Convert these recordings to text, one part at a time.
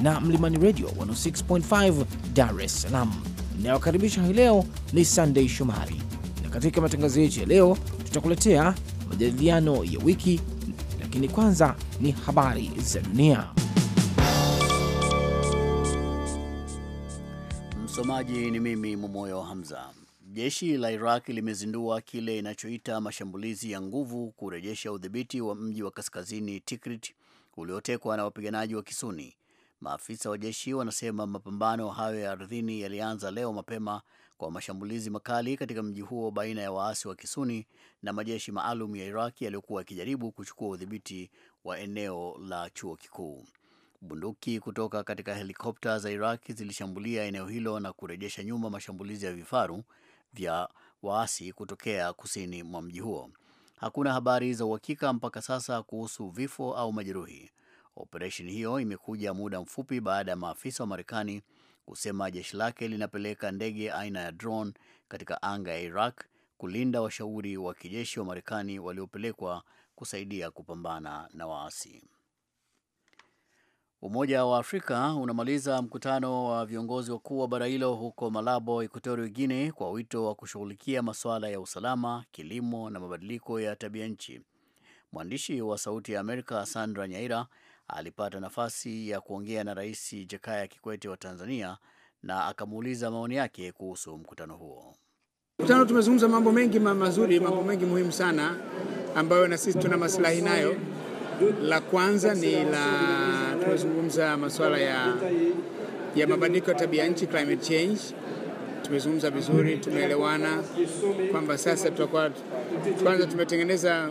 na Mlimani Radio 106.5 Dar es Salaam. Inayokaribisha hii leo ni Sunday Shomari, na katika matangazo yetu ya leo tutakuletea majadiliano ya wiki, lakini kwanza ni habari za dunia. Msomaji ni mimi Mumoyo Hamza. Jeshi la Iraq limezindua kile inachoita mashambulizi ya nguvu kurejesha udhibiti wa mji wa kaskazini Tikrit uliotekwa na wapiganaji wa Kisuni Maafisa wa jeshi wanasema mapambano hayo ya ardhini yalianza leo mapema kwa mashambulizi makali katika mji huo baina ya waasi wa Kisuni na majeshi maalum ya iraki yaliyokuwa yakijaribu kuchukua udhibiti wa eneo la chuo kikuu. Bunduki kutoka katika helikopta za iraki zilishambulia eneo hilo na kurejesha nyuma mashambulizi ya vifaru vya waasi kutokea kusini mwa mji huo. Hakuna habari za uhakika mpaka sasa kuhusu vifo au majeruhi. Operesheni hiyo imekuja muda mfupi baada ya maafisa wa Marekani kusema jeshi lake linapeleka ndege aina ya drone katika anga ya Iraq kulinda washauri wa kijeshi wa Marekani waliopelekwa kusaidia kupambana na waasi. Umoja wa Afrika unamaliza mkutano wa viongozi wakuu wa bara hilo huko Malabo, ikotori Guinea, kwa wito wa kushughulikia masuala ya usalama, kilimo na mabadiliko ya tabia nchi. Mwandishi wa Sauti ya Amerika Sandra Nyaira alipata nafasi ya kuongea na Rais Jakaya Kikwete wa Tanzania na akamuuliza maoni yake kuhusu mkutano huo. Mkutano tumezungumza mambo mengi mazuri, mambo mengi muhimu sana ambayo na sisi tuna masilahi nayo. La kwanza ni la tumezungumza masuala ya, ya mabadiliko ya tabia nchi climate change. Tumezungumza vizuri, tumeelewana kwamba sasa tutakuwa kwanza tumetengeneza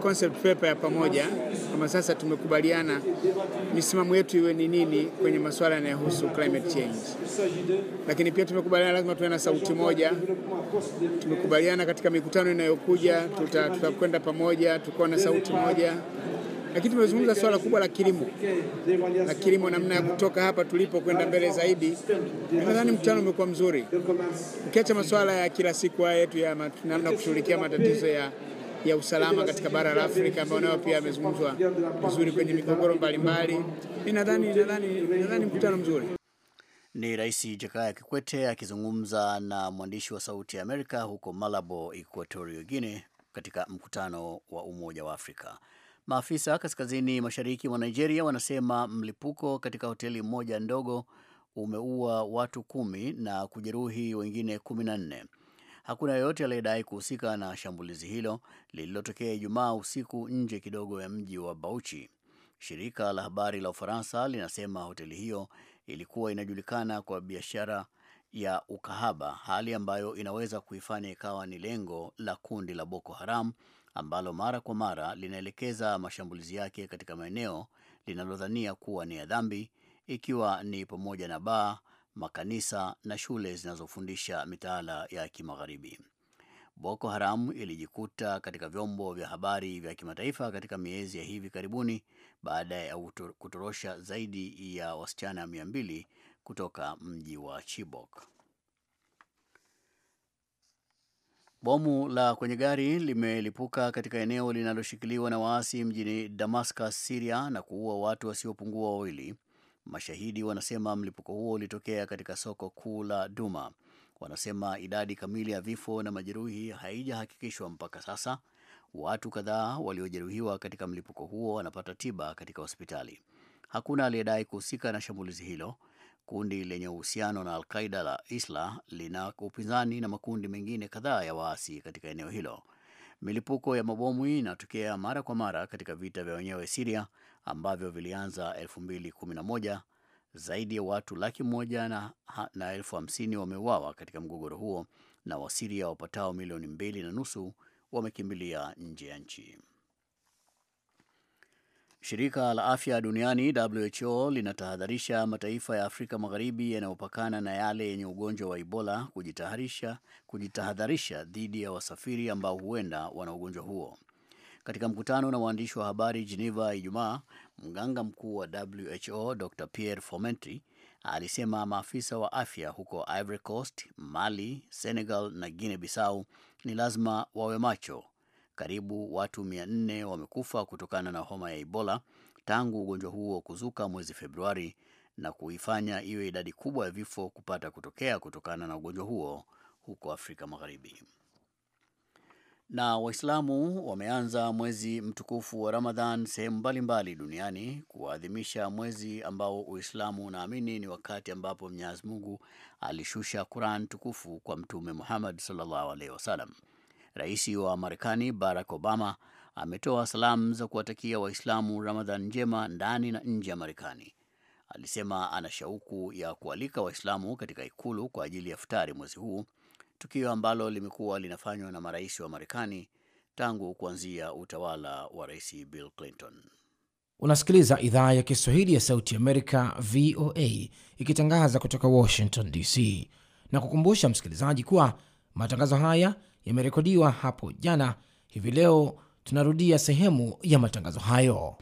concept paper ya pamoja, kama sasa tumekubaliana misimamo yetu iwe ni nini kwenye masuala yanayohusu climate change. Lakini pia tumekubaliana lazima tuwe na sauti moja. Tumekubaliana katika mikutano inayokuja tutakwenda tuta pamoja, tukuwa na sauti moja lakini tumezungumza swala kubwa la kilimo na kilimo, namna ya kutoka hapa tulipo kwenda mbele zaidi. Nadhani mkutano umekuwa mzuri, ukiacha masuala ya kila siku haya yetu ya namna kushughulikia matatizo ya ya usalama katika bara la Afrika ambayo nayo pia amezungumzwa vizuri kwenye migogoro mbalimbali. Nadhani nadhani nadhani mkutano mzuri. Ni Rais Jakaya Kikwete akizungumza na mwandishi wa Sauti ya Amerika huko Malabo, Equatorio Guinea, katika mkutano wa Umoja wa Afrika. Maafisa kaskazini mashariki mwa Nigeria wanasema mlipuko katika hoteli moja ndogo umeua watu kumi na kujeruhi wengine kumi na nne. Hakuna yoyote aliyedai kuhusika na shambulizi hilo lililotokea Ijumaa usiku nje kidogo ya mji wa Bauchi. Shirika la habari la Ufaransa linasema hoteli hiyo ilikuwa inajulikana kwa biashara ya ukahaba, hali ambayo inaweza kuifanya ikawa ni lengo la kundi la Boko Haram ambalo mara kwa mara linaelekeza mashambulizi yake katika maeneo linalodhania kuwa ni ya dhambi, ikiwa ni pamoja na baa makanisa na shule zinazofundisha mitaala ya kimagharibi. Boko Haram ilijikuta katika vyombo vya habari vya kimataifa katika miezi ya hivi karibuni baada ya kutorosha zaidi ya wasichana mbili kutoka mji wa Chibok. Bomu la kwenye gari limelipuka katika eneo linaloshikiliwa na waasi mjini Damascus, Syria na kuua watu wasiopungua wawili, Mashahidi wanasema mlipuko huo ulitokea katika soko kuu la Duma. Wanasema idadi kamili ya vifo na majeruhi haijahakikishwa mpaka sasa. Watu kadhaa waliojeruhiwa katika mlipuko huo wanapata tiba katika hospitali. Hakuna aliyedai kuhusika na shambulizi hilo. Kundi lenye uhusiano na Alqaida la Isla lina upinzani na makundi mengine kadhaa ya waasi katika eneo hilo. Milipuko ya mabomu inatokea mara kwa mara katika vita vya wenyewe Siria ambavyo vilianza 2011. Zaidi ya watu laki moja na, na elfu hamsini wameuawa katika mgogoro huo na Wasiria wapatao milioni mbili na nusu wamekimbilia nje ya nchi. Shirika la afya duniani WHO linatahadharisha mataifa ya Afrika Magharibi yanayopakana na yale yenye ugonjwa wa Ebola kujitahadharisha dhidi ya wasafiri ambao huenda wana ugonjwa huo. Katika mkutano na waandishi wa habari Geneva Ijumaa, mganga mkuu wa WHO Dr Pierre fomenty alisema maafisa wa afya huko Ivory Coast, Mali, Senegal na Guinea Bissau ni lazima wawe macho. Karibu watu 400 wamekufa kutokana na homa ya Ebola tangu ugonjwa huo kuzuka mwezi Februari na kuifanya iwe idadi kubwa ya vifo kupata kutokea kutokana na ugonjwa huo huko Afrika Magharibi. Na Waislamu wameanza mwezi mtukufu wa Ramadhan sehemu mbalimbali duniani kuadhimisha mwezi ambao Uislamu unaamini ni wakati ambapo Mwenyezi Mungu alishusha Quran tukufu kwa Mtume Muhammad sallallahu alaihi wasallam. Rais wa Marekani Barack Obama ametoa salamu za kuwatakia Waislamu Ramadhan njema ndani na nje ya Marekani. Alisema ana shauku ya kualika Waislamu katika ikulu kwa ajili ya futari mwezi huu tukio ambalo limekuwa linafanywa na marais wa Marekani tangu kuanzia utawala wa Rais Bill Clinton. Unasikiliza idhaa ya Kiswahili ya Sauti Amerika, VOA, ikitangaza kutoka Washington DC, na kukumbusha msikilizaji kuwa matangazo haya yamerekodiwa hapo jana. Hivi leo tunarudia sehemu ya matangazo hayo.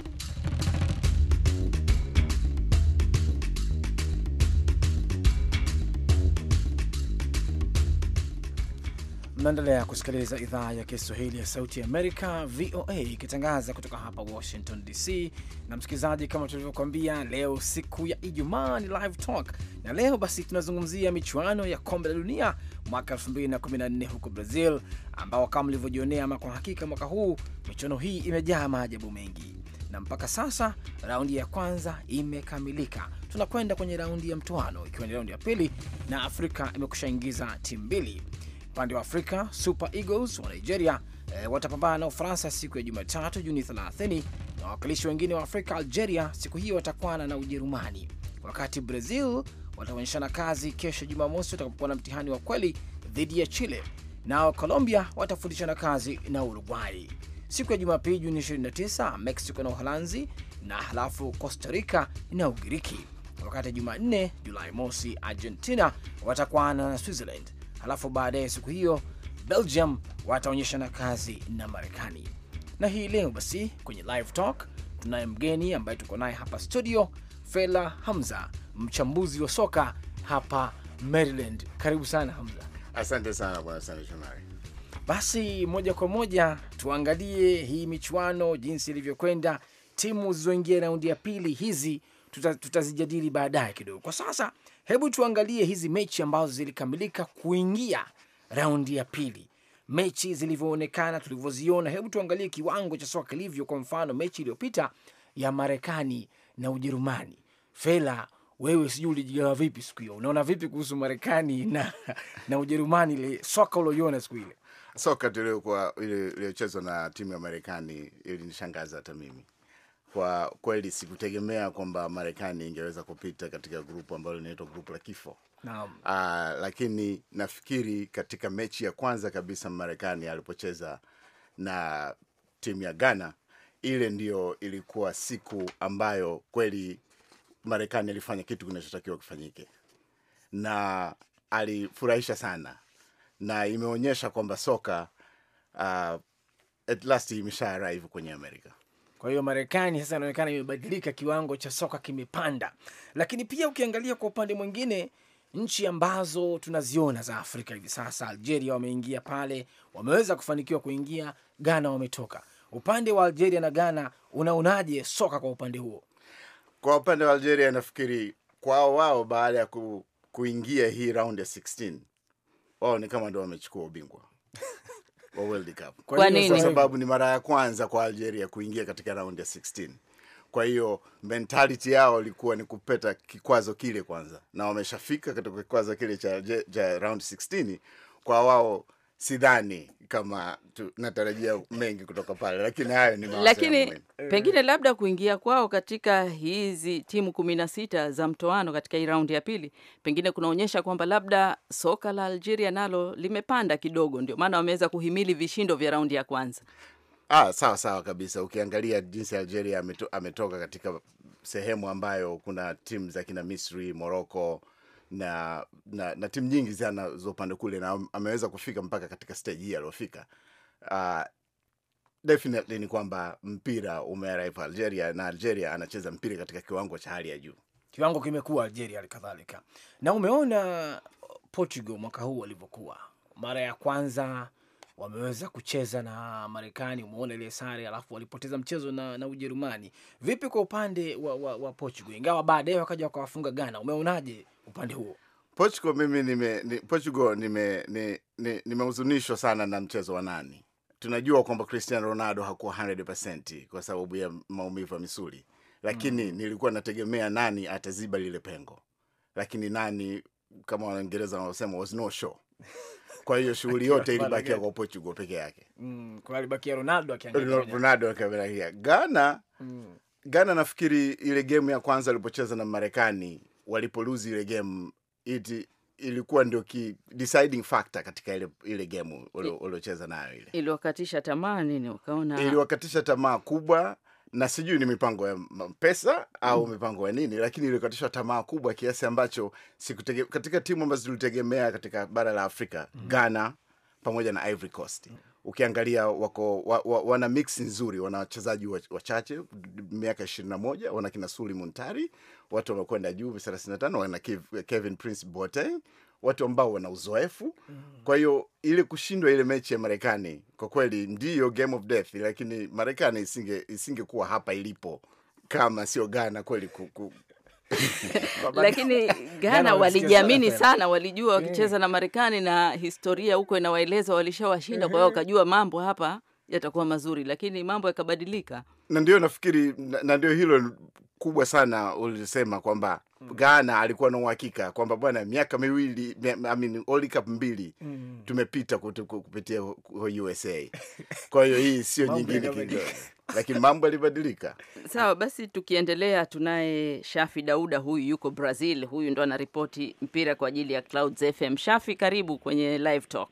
Naendelea kusikiliza idhaa ya Kiswahili ya Sauti ya Amerika, VOA, ikitangaza kutoka hapa Washington DC. Na msikilizaji, kama tulivyokuambia, leo siku ya Ijumaa ni Live Talk, na leo basi tunazungumzia michuano ya Kombe la Dunia mwaka 2014 huko Brazil, ambao kama mlivyojionea, ama kwa hakika mwaka huu michuano hii imejaa maajabu mengi, na mpaka sasa raundi ya kwanza imekamilika. Tunakwenda kwenye raundi ya mtoano, ikiwa ni raundi ya pili, na Afrika imekushaingiza timu mbili Upande wa Afrika, Super Eagles wa Nigeria e, watapambana na Ufaransa siku ya Jumatatu Juni 30, na wawakilishi wengine wa Afrika, Algeria, siku hiyo watakwana na Ujerumani, wakati Brazil wataonyeshana kazi kesho Jumamosi watakapokuwa na mtihani wa kweli dhidi ya Chile, nao Colombia watafundishana kazi na Uruguay. Siku ya Jumapili Juni 29, Mexico na Uholanzi na halafu Costa Rica na Ugiriki, wakati Jumanne Julai mosi Argentina watakwana na Switzerland halafu baadaye siku hiyo Belgium wataonyeshana kazi na Marekani. Na hii leo basi kwenye live talk tunaye mgeni ambaye tuko naye hapa studio, Fela Hamza, mchambuzi wa soka hapa Maryland. Karibu sana Hamza. Asante sana bwana Sande Shomari. Basi moja kwa moja tuangalie hii michuano jinsi ilivyokwenda, timu zilizoingia raundi ya pili hizi tutazijadili tuta baadaye kidogo. Kwa sasa Hebu tuangalie hizi mechi ambazo zilikamilika kuingia raundi ya pili, mechi zilivyoonekana, tulivyoziona. Hebu tuangalie kiwango cha soka kilivyo. Kwa mfano, mechi iliyopita ya Marekani na Ujerumani, Fela wewe sijui ulijigawa vipi siku hiyo, unaona vipi kuhusu Marekani na, na Ujerumani? Ile soka ulioiona siku ile, soka tuliokuwa iliyochezwa na timu ya Marekani ilinishangaza hata mimi. Kwa kweli sikutegemea kwamba Marekani ingeweza kupita katika grupu ambalo linaitwa grupu la kifo. Naam. Aa, ah, lakini nafikiri katika mechi ya kwanza kabisa Marekani alipocheza na timu ya Ghana, ile ndio ilikuwa siku ambayo kweli Marekani alifanya kitu kinachotakiwa kifanyike na alifurahisha sana, na imeonyesha kwamba soka uh, at last imesha arrive kwenye Amerika. Kwa hiyo Marekani sasa inaonekana imebadilika, kiwango cha soka kimepanda. Lakini pia ukiangalia kwa upande mwingine, nchi ambazo tunaziona za Afrika hivi sasa, Algeria wameingia pale, wameweza kufanikiwa kuingia. Ghana wametoka. Upande wa Algeria na Ghana, unaonaje soka kwa upande huo? Kwa upande wa Algeria, nafikiri kwao wao, baada ya ku, kuingia hii round ya 16 wao ni kama ndo wamechukua ubingwa wa World Cup. Kwa, kwa nini? Kwa sababu ni mara ya kwanza kwa Algeria kuingia katika raundi ya 16. Kwa hiyo mentality yao ilikuwa ni kupeta kikwazo kile kwanza, na wameshafika katika kikwazo kile cha, cha round 16 kwa wao sidhani kama tu, natarajia mengi kutoka pale, lakini hayo ni lakini pengine labda kuingia kwao katika hizi timu kumi na sita za mtoano katika hii raundi ya pili pengine kunaonyesha kwamba labda soka la Algeria nalo limepanda kidogo, ndio maana wameweza kuhimili vishindo vya raundi ya kwanza. Ah, sawa sawa kabisa. Ukiangalia jinsi Algeria ametoka katika sehemu ambayo kuna timu za kina Misri, Morocco na na, na timu nyingi sana za upande kule, na ameweza kufika mpaka katika stage hii aliofika. Uh, ah, definitely ni kwamba mpira umearrive Algeria, na Algeria anacheza mpira katika kiwango cha hali ya juu. Kiwango kimekuwa Algeria halikadhalika, na umeona Portugal mwaka huu walivyokuwa, mara ya kwanza wameweza kucheza na Marekani, umeona ile sare, alafu walipoteza mchezo na, na Ujerumani. Vipi kwa upande wa, wa, wa Portugal, ingawa baadaye wakaja wakawafunga Ghana, umeonaje upande huo. Portugal mimi nime ni, Portugal nime, ni, ni, nimehuzunishwa sana na mchezo wa nani. Tunajua kwamba Cristiano Ronaldo hakuwa 100% kwa sababu ya maumivu ya misuli, lakini mm, nilikuwa nategemea nani ataziba lile pengo, lakini nani kama Waingereza wanaosema was no show kwa hiyo shughuli yote ilibakia kwa Portugal peke yake. Mm, kuna alibakia Ronaldo akiangalia. Ronaldo akiangalia. Ghana. Mm. Ghana nafikiri ile game ya kwanza alipocheza na Marekani walipoluzi ile game iti ilikuwa ndio ki deciding factor katika ile ile game uliocheza nayo ile. Iliwakatisha tamaa nini? Ukaona iliwakatisha tamaa kubwa na sijui ni mipango ya pesa au mm, mipango ya nini, lakini ilikatishwa tamaa kubwa kiasi ambacho sikutege, katika timu ambazo tulitegemea katika bara la Afrika mm, Ghana pamoja na Ivory Coast mm ukiangalia wako wa, wa, wana mix nzuri, wana wachezaji wachache, miaka ishirini na moja, wana kina Suli Muntari, watu wamekwenda juu thelathini na tano, wana Kevin Prince Boateng, watu ambao wana uzoefu. Mm. Kwa hiyo ili kushindwa ile mechi ya Marekani kwa kweli ndiyo game of death, lakini Marekani isinge isingekuwa hapa ilipo kama sio Ghana kweli lakini Ghana walijiamini sana, walijua eh. wakicheza na Marekani na historia huko inawaeleza walishawashinda, kwa hiyo eh. wakajua mambo hapa yatakuwa mazuri, lakini mambo yakabadilika, na ndio nafikiri, na ndio hilo kubwa sana ulisema kwamba mm. Ghana alikuwa na uhakika kwamba bwana, miaka miwili I mean, World Cup mbili mm. tumepita kupitia USA kwa hiyo hii sio nyingine kidogo lakini mambo yalibadilika. Sawa basi, tukiendelea tunaye Shafi Dauda, huyu yuko Brazil, huyu ndo anaripoti mpira kwa ajili ya Clouds FM. Shafi, karibu kwenye live talk.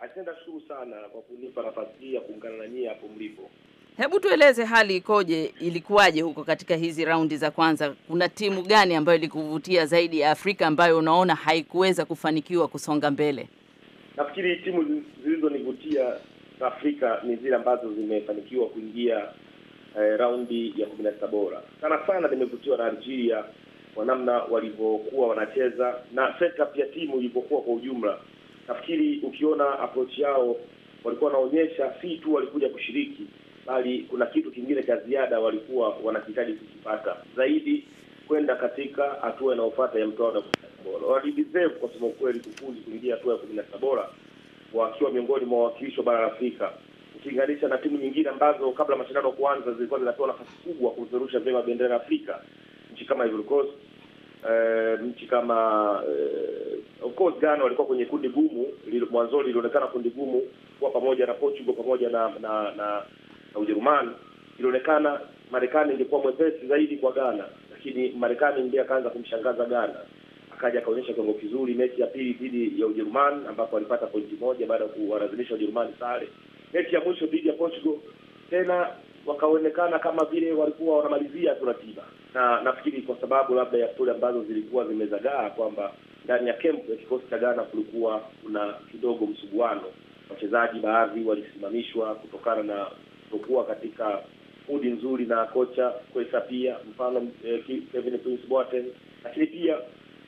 Asante, nashukuru sana kwa kunipa nafasi hii ya kuungana na nyie hapo mlipo. Hebu tueleze hali ikoje, ilikuwaje huko katika hizi raundi za kwanza? Kuna timu gani ambayo ilikuvutia zaidi ya Afrika ambayo unaona haikuweza kufanikiwa kusonga mbele? Nafikiri timu zilizonivutia za Afrika ni zile ambazo zimefanikiwa kuingia eh, raundi ya kumi na sita bora. Sana sana nimevutiwa na Algeria kwa namna walivyokuwa wanacheza na setup ya timu ilivyokuwa kwa ujumla. Nafikiri ukiona approach yao walikuwa wanaonyesha si tu walikuja kushiriki bali kuna kitu kingine cha ziada walikuwa wanakihitaji kukipata zaidi, kwenda katika hatua inayofuata ya mtoano wa kumi na bora. Walideserve kwa kusema ukweli kufuzu kuingia hatua ya kumi na saba bora wakiwa miongoni mwa wawakilishi wa bara la Afrika ukilinganisha na timu nyingine ambazo kabla mashindano kuanza zilikuwa zinapewa nafasi kubwa kupeperusha vyema bendera ya Afrika, nchi kama Ivory Coast, eh, nchi kama uh, of course Ghana walikuwa kwenye kundi gumu mwanzoni, lilionekana kundi gumu kuwa pamoja na Portugal pamoja na na, na na Ujerumani, ilionekana Marekani ingekuwa mwepesi zaidi kwa Ghana, lakini Marekani ndiye akaanza kumshangaza Ghana, akaja akaonyesha kiwango kizuri mechi ya pili dhidi ya Ujerumani ambapo alipata pointi moja baada ya kuwalazimisha Ujerumani sare. Mechi ya mwisho dhidi ya Portugal tena wakaonekana kama vile walikuwa wanamalizia tu ratiba, na nafikiri kwa sababu labda ya stori ambazo zilikuwa zimezagaa kwamba ndani ya kempu ya kikosi cha Ghana kulikuwa kuna kidogo msuguano, wachezaji baadhi walisimamishwa kutokana na kutokuwa katika udi nzuri na kocha Kwesa pia mfano eh, Kevin Prince Boateng, lakini pia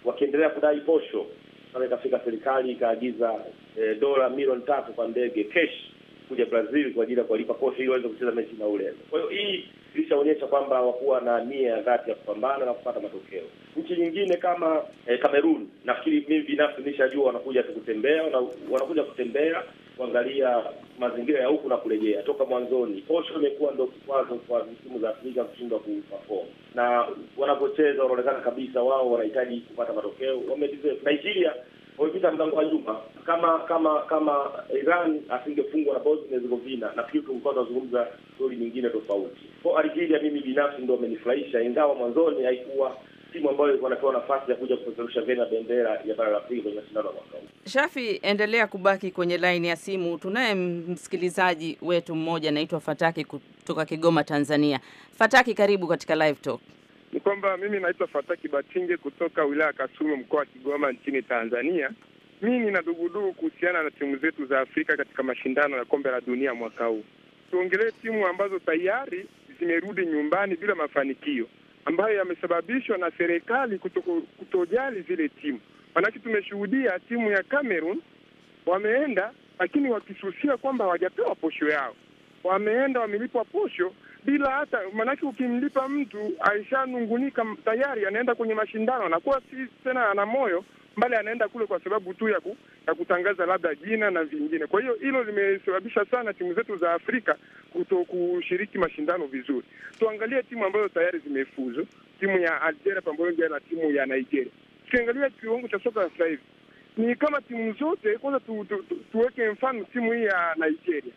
wakiendelea kudai posho sana, ikafika serikali ikaagiza eh, dola milioni tatu kwa ndege cash kuja Brazil kwa ajili ya kuwalipa posho ili waweze kucheza mechi na Ureno. Kwa hiyo hii ilishaonyesha kwamba wakuwa na nia ya dhati ya kupambana na kupata matokeo. Nchi nyingine kama eh, Cameroon eh, nafikiri mimi binafsi nishajua wanakuja tu kutembea, wanakuja kutembea kuangalia mazingira ya huku na kurejea. Toka mwanzoni, posho imekuwa ndo kikwazo kwa timu za Afrika kushindwa kuperform, na wanapocheza wanaonekana kabisa wao wanahitaji kupata matokeo. Wamedeserve Nigeria wamepita mlango wa nyuma. Kama kama kama Iran asingefungwa na Bosnia Herzegovina, nafikiri tungekuwa tunazungumza stori nyingine tofauti. Kwa Algeria, mimi binafsi ndo amenifurahisha, ingawa mwanzoni haikuwa timu ambayo inapewa nafasi ya kuja kupeperusha vyema bendera ya bara la Afrika kwenye mashindano ya mwaka huu. Shafi, endelea kubaki kwenye laini ya simu. Tunaye msikilizaji wetu mmoja anaitwa Fataki kutoka Kigoma, Tanzania. Fataki, karibu katika live talk. Ni kwamba mimi naitwa Fataki Batinge kutoka wilaya Kasumu, mkoa wa Kigoma, nchini Tanzania. mii nina dugudugu kuhusiana na timu zetu za Afrika katika mashindano ya kombe la dunia mwaka huu. Tuongelee timu ambazo tayari zimerudi nyumbani bila mafanikio ambayo yamesababishwa na serikali kutojali zile timu. Maanake tumeshuhudia timu ya Cameroon wameenda, lakini wakisusia kwamba hawajapewa posho yao. Wameenda wamelipwa posho bila hata, maanake ukimlipa mtu aishanungunika tayari, anaenda kwenye mashindano, anakuwa si tena ana moyo mbali anaenda kule kwa sababu tu ya, ku, ya kutangaza labda jina na vingine. Kwa hiyo hilo limesababisha sana timu zetu za Afrika kuto kushiriki mashindano vizuri. Tuangalie timu ambazo tayari zimefuzu, timu ya Algeria pamoja na timu ya Nigeria. Tukiangalia kiwango cha soka sasa hivi ni kama timu zote, kwanza tu, tu, tu, tuweke mfano timu hii ya Nigeria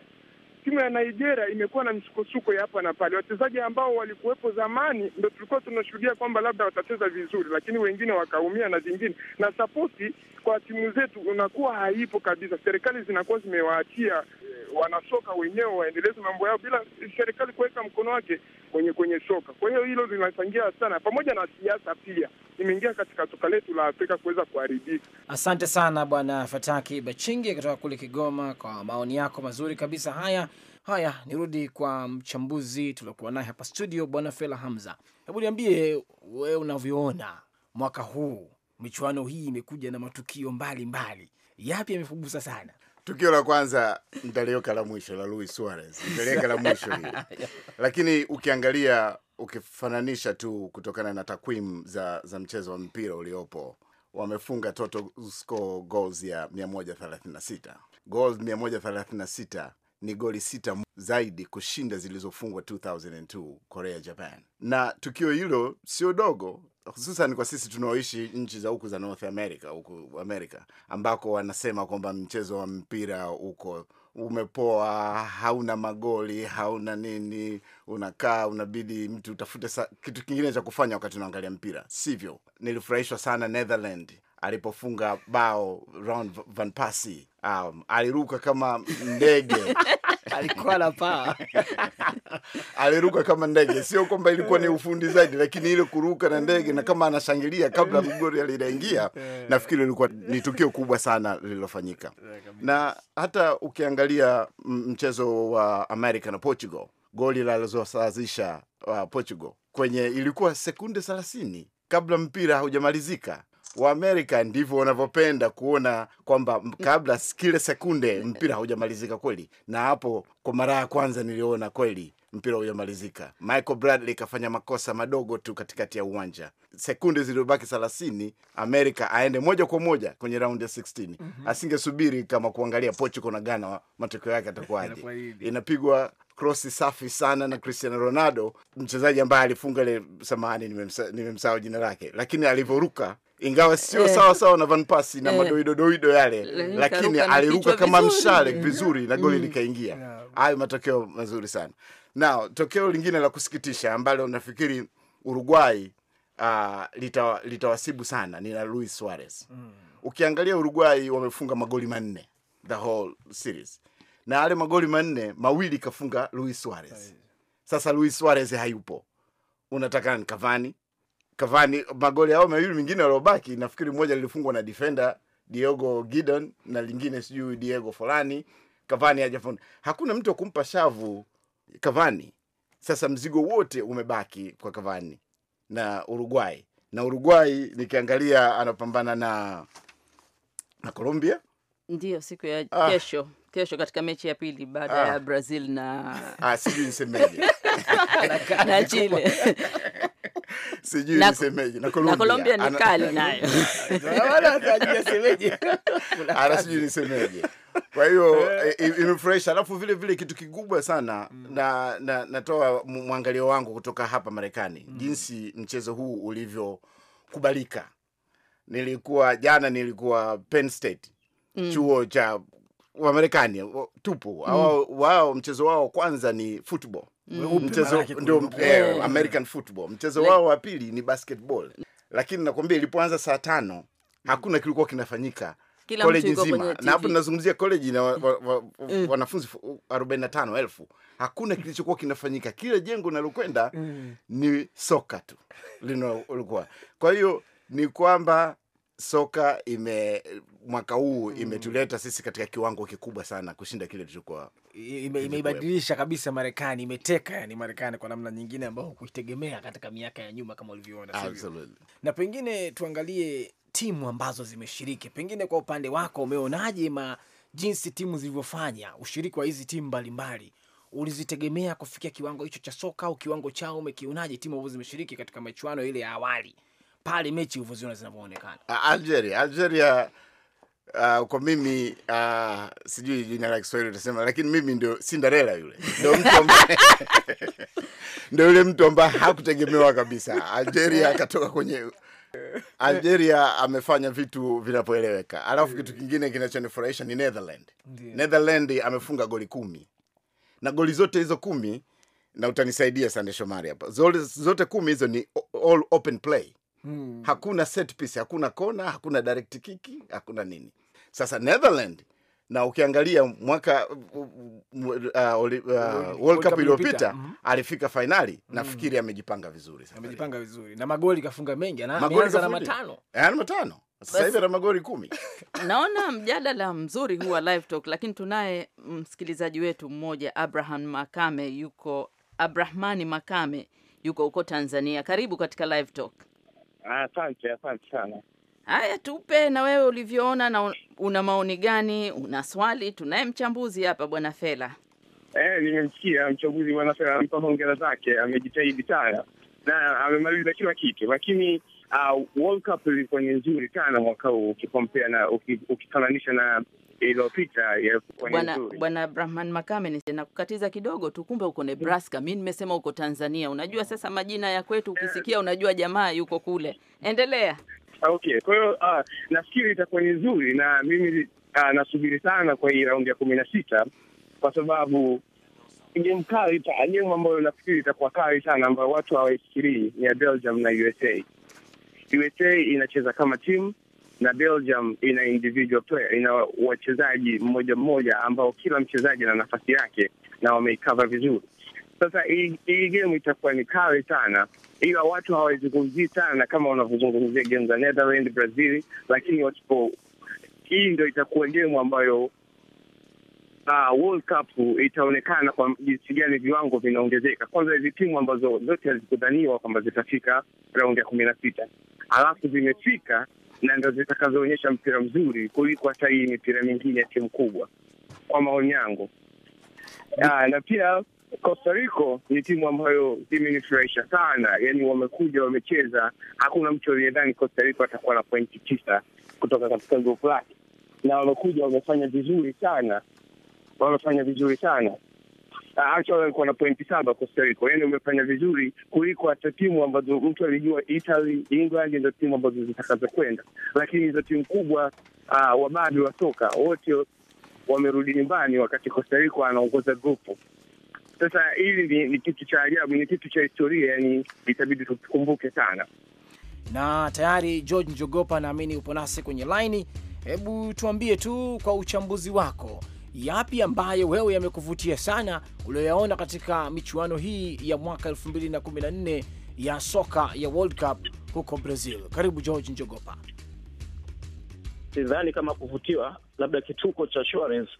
timu ya Nigeria imekuwa na msukosuko ya hapa na pale. Wachezaji ambao walikuwepo zamani ndo tulikuwa tunashuhudia kwamba labda watacheza vizuri, lakini wengine wakaumia na vingine, na sapoti kwa timu zetu unakuwa haipo kabisa. Serikali zinakuwa zimewaachia eh, wanasoka wenyewe waendeleze mambo yao bila serikali kuweka mkono wake kwenye kwenye soka. Kwa hiyo hilo linachangia sana, pamoja na siasa pia imeingia katika soka letu la Afrika kuweza kuharibika. Asante sana Bwana Fataki Bachingi kutoka kule Kigoma kwa maoni yako mazuri kabisa. Haya haya, nirudi kwa mchambuzi tuliokuwa naye hapa studio, Bwana Fela Hamza. Hebu niambie wewe unavyoona mwaka huu michuano hii imekuja na matukio mbalimbali mbali. Yapi yamefugusa sana? tukio la kwanza ndaliweka la mwisho la Luis Suarez ndaliweka la mwisho hii lakini ukiangalia ukifananisha tu kutokana na takwimu za, za mchezo wa mpira uliopo wamefunga total score goals ya 136 goals 136 ni goli sita zaidi kushinda zilizofungwa 2002 Korea Japan, na tukio hilo sio dogo hususan kwa sisi tunaoishi nchi za huku za North America, huku America ambako wanasema kwamba mchezo wa mpira huko umepoa, hauna magoli, hauna nini, unakaa unabidi mtu utafute kitu kingine cha kufanya wakati unaangalia mpira. Sivyo, nilifurahishwa sana Netherland alipofunga bao Ron van Pasi Um, aliruka kama ndege alikuwa paa aliruka kama ndege. Sio kwamba ilikuwa ni ufundi zaidi, lakini ile kuruka na ndege na kama anashangilia kabla mgori alinaingia, eh. nafikiri ilikuwa ni tukio kubwa sana lililofanyika. Eh, na hata ukiangalia mchezo wa America na Portugal, goli lalizosawazisha uh, Portugal kwenye ilikuwa sekunde thelathini kabla mpira haujamalizika Waamerika ndivyo wanavyopenda kuona kwamba mm. kabla kile sekunde eh. mpira haujamalizika kweli, na hapo kwa mara ya kwanza niliona kweli mpira haujamalizika. Michael Bradley kafanya makosa madogo tu katikati ya uwanja, sekunde zilizobaki thelathini, Amerika aende moja kwa moja kwenye raundi ya 16. mm -hmm. Asingesubiri kama kuangalia Portugal na Ghana matokeo yake atakuwaje. Inapigwa krosi safi sana na Cristiano Ronaldo, mchezaji ambaye alifunga ile, samahani, nimemsahau jina lake, lakini alivyoruka ingawa sio yeah. sawa sawa na Van Persie na yeah. madoido doido yale le, lakini aliruka kama vizuri, mshale mm. vizuri na goli mm, likaingia yeah. Hayo matokeo mazuri sana. Na tokeo lingine la kusikitisha ambalo nafikiri Uruguay uh, litawasibu lita sana ni la Luis Suarez mm. Ukiangalia Uruguay wamefunga magoli manne the whole series, na yale magoli manne mawili kafunga Luis Suarez. Sasa Luis Suarez hayupo, unataka Cavani Cavani magoli yao mawili mingine yalobaki, nafikiri moja lilifungwa na defender Diego Gidon na lingine sijui Diego fulani. Cavani hajafunga, hakuna mtu kumpa shavu Cavani. Sasa mzigo wote umebaki kwa Cavani na Uruguay, na Uruguay nikiangalia anapambana na na Colombia ndio siku ya ah, kesho kesho katika mechi ya pili baada ah, ya Brazil na ah, sijui nisemeje na Chile sijui nisemeje, na Colombia, ni kali nayo ana sijui nisemeje. Kwa hiyo alafu vile vile kitu kikubwa sana mm. na, na natoa mwangalio wangu kutoka hapa Marekani mm. jinsi mchezo huu ulivyokubalika. Nilikuwa jana, nilikuwa Penn State mm. chuo cha Wamarekani tupo mm. wao, wao mchezo wao kwanza ni football Mm. mchezo ndio eh. American football. Mchezo wao wa pili ni basketball, lakini nakwambia ilipoanza saa tano hakuna kilikuwa kinafanyika koleji nzima, na hapo nazungumzia koleji na mm. wanafunzi arobaini na tano elfu. Hakuna kilichokuwa kinafanyika, kile jengo nalokwenda mm. ni soka tu linalokuwa. Kwa hiyo ni kwamba soka ime mwaka huu mm. imetuleta sisi katika kiwango kikubwa sana kushinda kile tulichokuwa imeibadilisha ime kabisa Marekani, imeteka yani Marekani kwa namna nyingine ambayo kuitegemea katika miaka ya nyuma kama ulivyoona. Na pengine tuangalie timu ambazo zimeshiriki, pengine kwa upande wako umeonaje ma jinsi timu zilivyofanya, ushiriki wa hizi timu mbalimbali ulizitegemea kufikia kiwango hicho cha soka au kiwango chao umekionaje, timu ambazo zimeshiriki katika michuano ile ya awali pale mechi ulivyoziona zinavyoonekana? Algeria, Algeria Uh, kwa mimi uh, sijui jina la Kiswahili utasema, lakini mimi ndio Cinderella yule, ndio mtu ambaye ndio yule mtu ambaye hakutegemewa kabisa. Algeria akatoka kwenye Algeria amefanya vitu vinapoeleweka. Alafu kitu kingine kinachonifurahisha ni Netherland. Netherland amefunga goli kumi na goli zote hizo kumi, na utanisaidia Sande Shomari hapa, zote, zote kumi hizo ni all open play hmm. Hakuna set piece, hakuna kona, hakuna direct kiki, hakuna nini. Sasa Netherland na ukiangalia mwaka uh, uh, uh, World Cup iliyopita mm -hmm. alifika fainali mm -hmm. nafikiri amejipanga vizuri, amejipanga vizuri na magoli kafunga mengi, magoli na matano, ana matano sasa hivi ana magoli kumi. Naona mjadala mzuri huwa live talk, lakini tunaye msikilizaji wetu mmoja Abraham Makame yuko Abrahmani Makame yuko huko Tanzania. Karibu katika live talk. Asante, asante sana. Haya, tupe na wewe ulivyoona, na una maoni gani? Una swali? Tunaye mchambuzi hapa, bwana Fela. Eh, nimemsikia mchambuzi bwana Fela, ampa hongera zake, amejitahidi sana na amemaliza kila kitu, lakini uh, World Cup ilikuwa ni nzuri sana mwaka huu ukikompea na ukifananisha na iliyopita bwana bwana Brahman Makame, nakukatiza kidogo tu, kumbe uko Nebraska, mi nimesema uko Tanzania. Unajua sasa majina ya kwetu ukisikia unajua jamaa yuko kule. Endelea. Okay, kwa hiyo uh, nafikiri itakuwa ni nzuri na mimi uh, nasubiri sana kwa hii raundi ya kumi na sita kwa sababu gemu kali, gemu ambayo nafikiri itakuwa kali sana ambayo watu hawaifikirii ni ya Belgium na USA. USA inacheza kama timu na Belgium ina individual player, ina wachezaji mmoja mmoja ambao kila mchezaji ana nafasi yake na wameikava vizuri. Sasa hii gemu itakuwa ni kali sana, ila watu hawaizungumzii sana kama wanavyozungumzia gemu za Netherlands, Brazil, lakini wasipo, hii ndo itakuwa gemu ambayo Uh, World Cup itaonekana kwa jinsi gani viwango vinaongezeka. Kwanza hizi timu ambazo zote hazikudhaniwa kwamba zitafika raundi ya kumi na sita alafu zimefika na zitakazoonyesha mpira mzuri kuliko hata hii mipira mingine ya timu kubwa, kwa maoni yangu. Aa, ah, na pia Costa Rica ni timu ambayo imenifurahisha sana, yani wamekuja wamecheza, hakuna mtu aliyedhani Costa Rica atakuwa na pointi tisa kutoka katika grupu lake, na wamekuja wamefanya vizuri sana, wamefanya vizuri sana Arsenal ah, walikuwa na pointi saba Costa Rica, umefanya vizuri kuliko hata timu ambazo mtu alijua Italy, England ndo timu ambazo zitakaza kwenda, lakini hizo timu kubwa uh, ah, wababi wa soka wote wamerudi nyumbani, wakati Costa Rica anaongoza grupu. Sasa hili ni, ni kitu cha ajabu, ni kitu cha historia, yani itabidi tukumbuke sana. Na tayari George Njogopa, naamini upo nasi kwenye laini. Hebu tuambie tu kwa uchambuzi wako yapi ambayo wewe yamekuvutia sana ulioyaona katika michuano hii ya mwaka 2014 ya soka ya World Cup huko Brazil? Karibu George Njogopa. Sidhani kama kuvutiwa, labda kituko cha assurance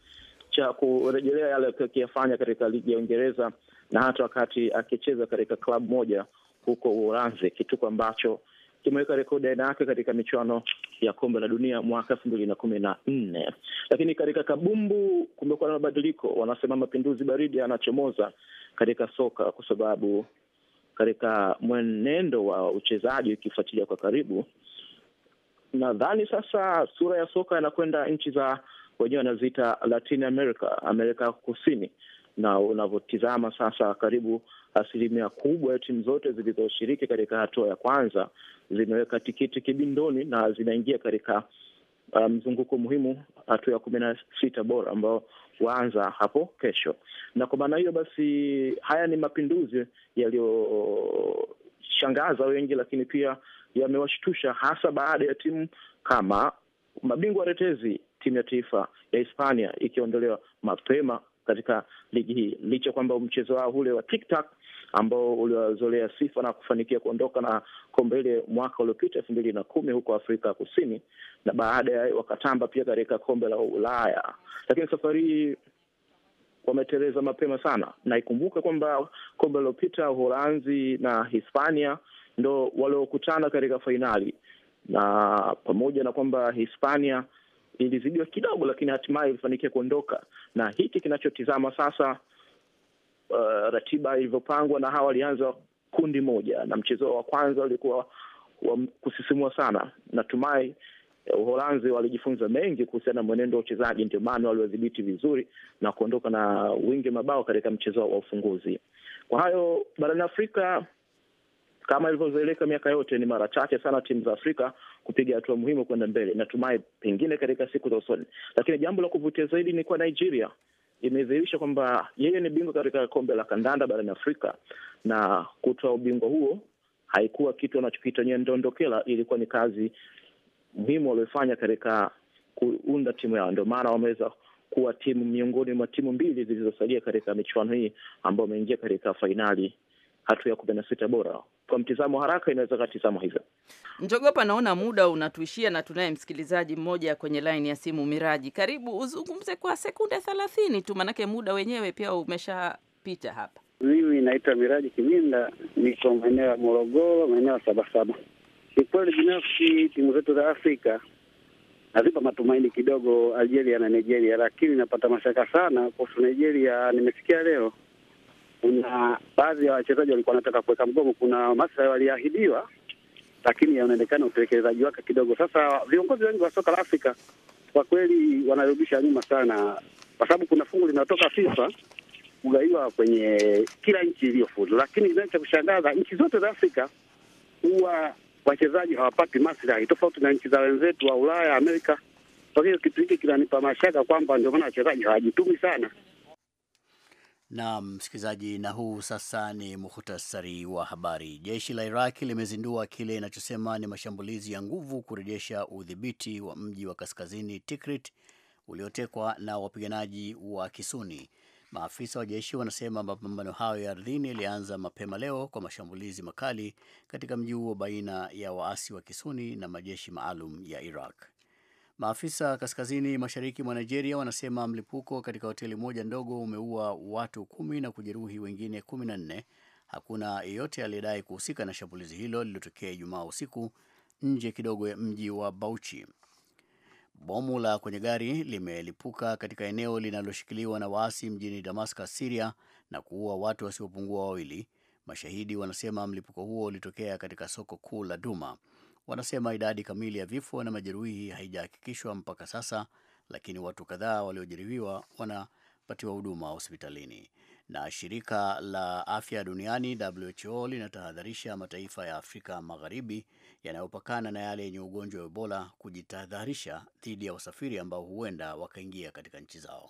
cha kurejelea yale akiyafanya katika ligi ya Uingereza na hata wakati akicheza katika klabu moja huko Uholanzi, kituko ambacho kimeweka rekodi aina yake katika michuano ya kombe la dunia mwaka elfu mbili na kumi na nne. Lakini katika kabumbu kumekuwa na mabadiliko, wanasema mapinduzi baridi yanachomoza katika soka, kwa sababu katika mwenendo wa uchezaji ukifuatilia kwa karibu, nadhani sasa sura ya soka yanakwenda nchi za wenyewe wanaziita Latin America, Amerika Kusini na unavyotizama sasa, karibu asilimia kubwa ya timu zote zilizoshiriki katika hatua ya kwanza zimeweka tikiti kibindoni na zinaingia katika uh, mzunguko um, muhimu, hatua ya kumi na sita bora ambao waanza hapo kesho. Na kwa maana hiyo basi, haya ni mapinduzi yaliyoshangaza wengi, lakini pia yamewashtusha, hasa baada ya timu kama mabingwa watetezi timu ya taifa ya Hispania ikiondolewa mapema katika ligi hii, licha kwamba mchezo wao ule wa tiktak ambao uliwazolea sifa na kufanikia kuondoka na kombe ile mwaka uliopita elfu mbili na kumi huko Afrika Kusini, na baada ya wakatamba pia katika kombe la Ulaya, lakini safari hii wameteleza mapema sana, na ikumbuka kwamba kombe lilopita Uholanzi na Hispania ndo waliokutana katika fainali, na pamoja na kwamba Hispania ilizidiwa kidogo, lakini hatimaye ilifanikiwa kuondoka. Na hiki kinachotizama sasa, uh, ratiba ilivyopangwa, na hawa walianza kundi moja, na mchezo wa kwanza ulikuwa wa kusisimua sana. Natumai uh, Uholanzi walijifunza mengi kuhusiana na mwenendo wa uchezaji, ndio maana waliwadhibiti vizuri na kuondoka na wingi mabao katika mchezo wa ufunguzi. Kwa hayo barani Afrika kama ilivyozoeleka miaka yote, ni mara chache sana timu za Afrika kupiga hatua muhimu kwenda mbele. Natumai pengine katika siku za usoni, lakini jambo la kuvutia zaidi ni kwa Nigeria imedhihirisha kwamba yeye ni bingwa katika kombe la kandanda barani Afrika, na kutoa ubingwa huo haikuwa kitu anachokiita wenyewe ndondokela, ilikuwa ni kazi muhimu waliofanya katika kuunda timu yao, ndio maana wameweza kuwa timu miongoni mwa timu mbili zilizosalia katika michuano hii ambayo wameingia katika fainali hatua ya kumi na sita bora kwa mtizamo haraka inaweza katizamo hivyo. Njogopa, naona muda unatuishia, na tunaye msikilizaji mmoja kwenye laini ya simu. Miraji, karibu uzungumze kwa sekunde thelathini tu, manake muda wenyewe pia umeshapita hapa. Mimi naitwa Miraji Kiminda, niko maeneo ya Morogoro, maeneo ya Sabasaba. Ni kweli binafsi timu zetu za Afrika nazipa matumaini kidogo Algeria na Nigeria, lakini napata mashaka sana kuhusu Nigeria. Nimesikia leo kuna baadhi ya wachezaji walikuwa wanataka kuweka mgomo, kuna maslahi waliahidiwa, lakini yanaonekana utekelezaji wake kidogo. Sasa viongozi wengi wa soka la Afrika kwa kweli wanarudisha nyuma sana, kwa sababu kuna fungu linatoka FIFA kugaiwa kwenye kila nchi iliyofuzu, lakini cha kushangaza, nchi zote za Afrika huwa wachezaji hawapati maslahi tofauti na nchi za wenzetu wa Ulaya, Amerika. Kwa hiyo kitu hiki kinanipa mashaka kwamba ndio maana wachezaji hawajitumi sana Naam msikilizaji, na huu sasa ni muhtasari wa habari. Jeshi la Iraki limezindua kile inachosema ni mashambulizi ya nguvu kurejesha udhibiti wa mji wa kaskazini Tikrit uliotekwa na wapiganaji wa Kisuni. Maafisa wa jeshi wanasema mapambano hayo ya ardhini yalianza mapema leo kwa mashambulizi makali katika mji huo baina ya waasi wa Kisuni na majeshi maalum ya Iraq. Maafisa kaskazini mashariki mwa Nigeria wanasema mlipuko katika hoteli moja ndogo umeua watu kumi na kujeruhi wengine kumi na nne. Hakuna yeyote aliyedai kuhusika na shambulizi hilo lililotokea Ijumaa usiku nje kidogo ya mji wa Bauchi. Bomu la kwenye gari limelipuka katika eneo linaloshikiliwa na waasi mjini Damascus, Syria na kuua watu wasiopungua wawili. Mashahidi wanasema mlipuko huo ulitokea katika soko kuu la Duma wanasema idadi kamili ya vifo na majeruhi haijahakikishwa mpaka sasa, lakini watu kadhaa waliojeruhiwa wanapatiwa huduma hospitalini. Na shirika la afya duniani WHO linatahadharisha mataifa ya Afrika Magharibi yanayopakana na yale yenye ugonjwa wa Ebola kujitahadharisha dhidi ya wasafiri ambao huenda wakaingia katika nchi zao.